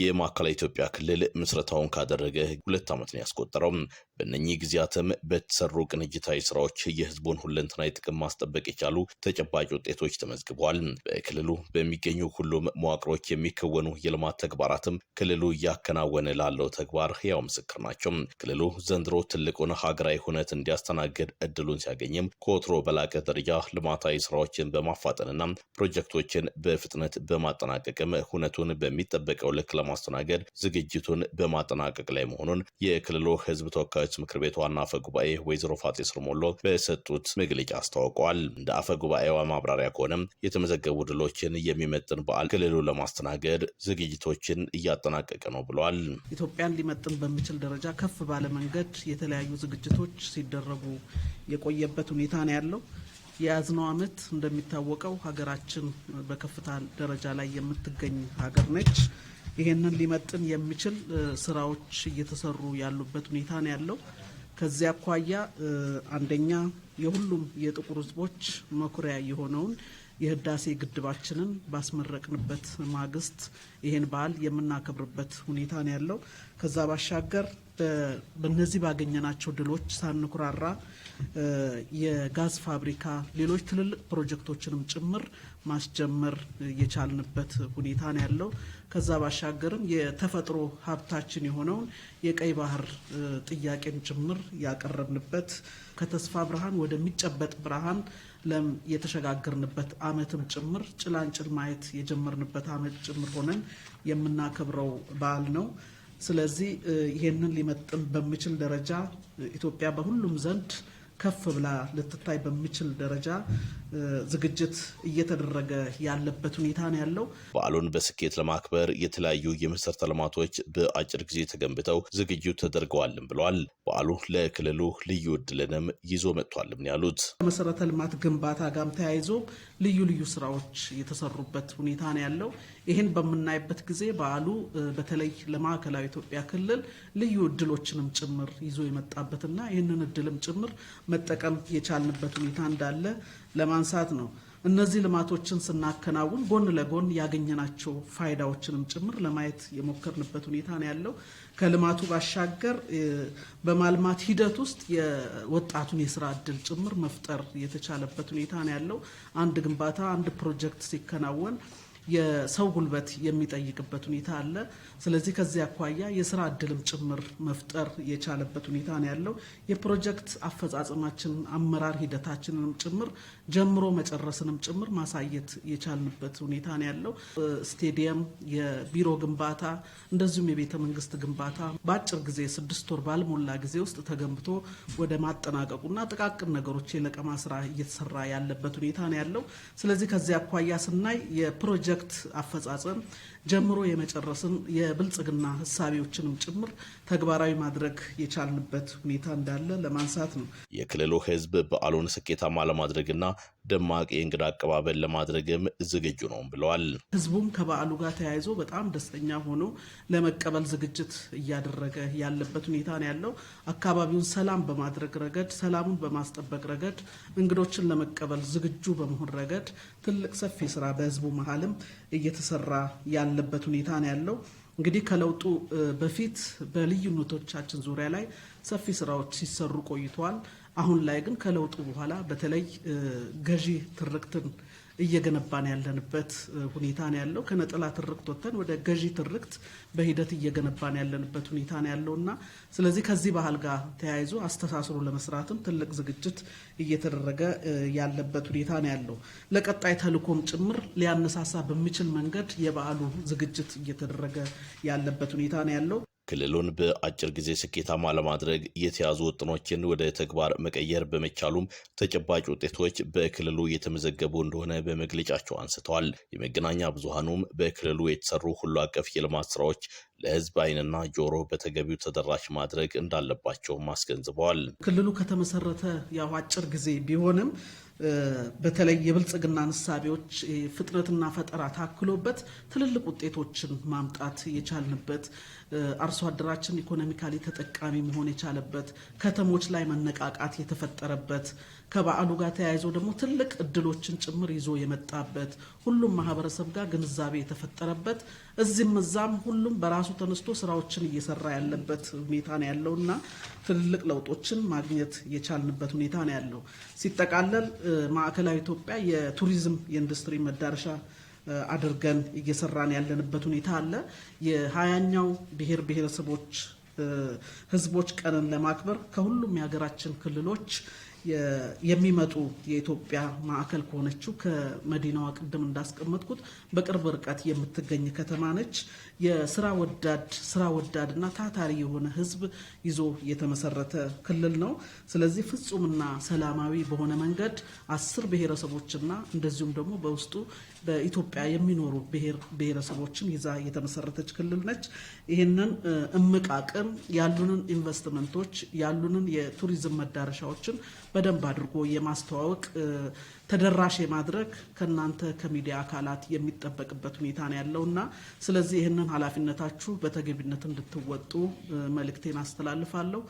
የማዕከላዊ ኢትዮጵያ ክልል ምስረታውን ካደረገ ሁለት ዓመት ነው ያስቆጠረው። በእነኚህ ጊዜያትም በተሰሩ ቅንጅታዊ ስራዎች የህዝቡን ሁለንተናዊ ጥቅም ማስጠበቅ የቻሉ ተጨባጭ ውጤቶች ተመዝግበዋል። በክልሉ በሚገኙ ሁሉም መዋቅሮች የሚከወኑ የልማት ተግባራትም ክልሉ እያከናወነ ላለው ተግባር ህያው ምስክር ናቸው። ክልሉ ዘንድሮ ትልቁን ሀገራዊ ሁነት እንዲያስተናግድ እድሉን ሲያገኝም ከወትሮ በላቀ ደረጃ ልማታዊ ስራዎችን በማፋጠንና ፕሮጀክቶችን በፍጥነት በማጠናቀቅም ሁነቱን በሚጠበቀው ልክ ለማስተናገድ ዝግጅቱን በማጠናቀቅ ላይ መሆኑን የክልሉ ህዝብ ተወካዮች ምክር ቤት ዋና አፈ ጉባኤ ወይዘሮ ፋጤ ስርሞሎ በሰጡት መግለጫ አስታውቀዋል። እንደ አፈ ጉባኤዋ ማብራሪያ ከሆነም የተመዘገቡ ድሎችን የሚመጥን በዓል ክልሉ ለማስተናገድ ዝግጅቶችን እያጠናቀቀ ነው ብሏል። ኢትዮጵያን ሊመጥን በሚችል ደረጃ ከፍ ባለ መንገድ የተለያዩ ዝግጅቶች ሲደረጉ የቆየበት ሁኔታ ነው ያለው። የያዝነው ዓመት እንደሚታወቀው ሀገራችን በከፍታ ደረጃ ላይ የምትገኝ ሀገር ነች። ይሄንን ሊመጥን የሚችል ስራዎች እየተሰሩ ያሉበት ሁኔታ ነው ያለው። ከዚህ አኳያ አንደኛ የሁሉም የጥቁር ህዝቦች መኩሪያ የሆነውን የህዳሴ ግድባችንን ባስመረቅንበት ማግስት ይሄን በዓል የምናከብርበት ሁኔታ ነው ያለው። ከዛ ባሻገር በነዚህ ባገኘናቸው ድሎች ሳንኩራራ የጋዝ ፋብሪካ፣ ሌሎች ትልልቅ ፕሮጀክቶችንም ጭምር ማስጀመር የቻልንበት ሁኔታ ነው ያለው። ከዛ ባሻገርም የተፈጥሮ ሀብታችን የሆነውን የቀይ ባህር ጥያቄም ጭምር ያቀረብንበት ከተስፋ ብርሃን ወደሚጨበጥ ብርሃን የተሸጋገርንበት አመትም ጭምር ጭላንጭል ማየት የጀመርንበት አመት ጭምር ሆነን የምናከብረው በዓል ነው። ስለዚህ ይሄንን ሊመጥን በሚችል ደረጃ ኢትዮጵያ በሁሉም ዘንድ ከፍ ብላ ልትታይ በሚችል ደረጃ ዝግጅት እየተደረገ ያለበት ሁኔታ ነው ያለው። በዓሉን በስኬት ለማክበር የተለያዩ የመሰረተ ልማቶች በአጭር ጊዜ ተገንብተው ዝግጁ ተደርገዋልም ብለዋል። በዓሉ ለክልሉ ልዩ እድልንም ይዞ መጥቷልም ነው ያሉት። ከመሰረተ ልማት ግንባታ ጋም ተያይዞ ልዩ ልዩ ስራዎች የተሰሩበት ሁኔታ ነው ያለው። ይህን በምናይበት ጊዜ በዓሉ በተለይ ለማዕከላዊ ኢትዮጵያ ክልል ልዩ እድሎችንም ጭምር ይዞ የመጣበትና ይህንን እድልም ጭምር መጠቀም የቻልንበት ሁኔታ እንዳለ ለማንሳት ነው። እነዚህ ልማቶችን ስናከናውን ጎን ለጎን ያገኘናቸው ፋይዳዎችንም ጭምር ለማየት የሞከርንበት ሁኔታ ነው ያለው። ከልማቱ ባሻገር በማልማት ሂደት ውስጥ የወጣቱን የስራ እድል ጭምር መፍጠር የተቻለበት ሁኔታ ነው ያለው። አንድ ግንባታ አንድ ፕሮጀክት ሲከናወን የሰው ጉልበት የሚጠይቅበት ሁኔታ አለ። ስለዚህ ከዚህ አኳያ የስራ እድልም ጭምር መፍጠር የቻለበት ሁኔታ ነው ያለው። የፕሮጀክት አፈጻጸማችን አመራር ሂደታችንንም ጭምር ጀምሮ መጨረስንም ጭምር ማሳየት የቻልንበት ሁኔታ ነው ያለው። ስቴዲየም፣ የቢሮ ግንባታ እንደዚሁም የቤተ መንግስት ግንባታ በአጭር ጊዜ ስድስት ወር ባልሞላ ጊዜ ውስጥ ተገንብቶ ወደ ማጠናቀቁና ጥቃቅን ነገሮች የለቀማ ስራ እየተሰራ ያለበት ሁኔታ ነው ያለው። ስለዚህ ከዚህ አኳያ ስናይ የፕሮጀክት ፕሮጀክት አፈጻጸም ጀምሮ የመጨረስን የብልጽግና ህሳቤዎችንም ጭምር ተግባራዊ ማድረግ የቻልንበት ሁኔታ እንዳለ ለማንሳት ነው። የክልሉ ህዝብ በዓሉን ስኬታማ ለማድረግና ደማቅ የእንግዳ አቀባበል ለማድረግም ዝግጁ ነው ብለዋል። ህዝቡም ከበዓሉ ጋር ተያይዞ በጣም ደስተኛ ሆኖ ለመቀበል ዝግጅት እያደረገ ያለበት ሁኔታ ነው ያለው። አካባቢውን ሰላም በማድረግ ረገድ፣ ሰላሙን በማስጠበቅ ረገድ፣ እንግዶችን ለመቀበል ዝግጁ በመሆን ረገድ ትልቅ ሰፊ ስራ በህዝቡ መሀልም እየተሰራ ያለበት ሁኔታ ነው ያለው። እንግዲህ ከለውጡ በፊት በልዩነቶቻችን ዙሪያ ላይ ሰፊ ስራዎች ሲሰሩ ቆይተዋል። አሁን ላይ ግን ከለውጡ በኋላ በተለይ ገዢ ትርክትን እየገነባን ያለንበት ሁኔታ ነው ያለው። ከነጠላ ትርክት ወጥተን ወደ ገዢ ትርክት በሂደት እየገነባን ያለንበት ሁኔታ ነው ያለው እና ስለዚህ ከዚህ ባህል ጋር ተያይዞ አስተሳስሮ ለመስራትም ትልቅ ዝግጅት እየተደረገ ያለበት ሁኔታ ነው ያለው። ለቀጣይ ተልእኮም ጭምር ሊያነሳሳ በሚችል መንገድ የበዓሉ ዝግጅት እየተደረገ ያለበት ሁኔታ ነው ያለው። ክልሉን በአጭር ጊዜ ስኬታማ ለማድረግ የተያዙ ውጥኖችን ወደ ተግባር መቀየር በመቻሉም ተጨባጭ ውጤቶች በክልሉ የተመዘገቡ እንደሆነ በመግለጫቸው አንስተዋል። የመገናኛ ብዙሃኑም በክልሉ የተሰሩ ሁሉ አቀፍ የልማት ስራዎች ለህዝብ አይንና ጆሮ በተገቢው ተደራሽ ማድረግ እንዳለባቸውም አስገንዝበዋል። ክልሉ ከተመሰረተ ያው አጭር ጊዜ ቢሆንም በተለይ የብልጽግና ንሳቤዎች ፍጥነትና ፈጠራ ታክሎበት ትልልቅ ውጤቶችን ማምጣት የቻልንበት አርሶ አደራችን ኢኮኖሚካሊ ተጠቃሚ መሆን የቻለበት ከተሞች ላይ መነቃቃት የተፈጠረበት ከበዓሉ ጋር ተያይዞ ደግሞ ትልቅ እድሎችን ጭምር ይዞ የመጣበት ሁሉም ማህበረሰብ ጋር ግንዛቤ የተፈጠረበት እዚህም እዛም ሁሉም በራሱ ተነስቶ ስራዎችን እየሰራ ያለበት ሁኔታ ነው ያለው እና ትልልቅ ለውጦችን ማግኘት የቻልንበት ሁኔታ ነው ያለው። ሲጠቃለል ማዕከላዊ ኢትዮጵያ የቱሪዝም የኢንዱስትሪ መዳረሻ አድርገን እየሰራን ያለንበት ሁኔታ አለ። የሀያኛው ብሔር ብሔረሰቦች ህዝቦች ቀንን ለማክበር ከሁሉም የሀገራችን ክልሎች የሚመጡ የኢትዮጵያ ማዕከል ከሆነችው ከመዲናዋ ቅድም እንዳስቀመጥኩት በቅርብ ርቀት የምትገኝ ከተማ ነች። የስራ ወዳድ ስራ ወዳድና ታታሪ የሆነ ህዝብ ይዞ የተመሰረተ ክልል ነው። ስለዚህ ፍጹምና ሰላማዊ በሆነ መንገድ አስር ብሔረሰቦችና እንደዚሁም ደግሞ በውስጡ በኢትዮጵያ የሚኖሩ ብሔረሰቦችን ይዛ የተመሰረተች ክልል ነች። ይህንን እምቅ አቅም ያሉንን ኢንቨስትመንቶች ያሉንን የቱሪዝም መዳረሻዎችን በደንብ አድርጎ የማስተዋወቅ ተደራሽ የማድረግ ከእናንተ ከሚዲያ አካላት የሚጠበቅበት ሁኔታ ነው ያለው እና ስለዚህ ይህንን ኃላፊነታችሁ በተገቢነት እንድትወጡ መልእክቴን አስተላልፋለሁ።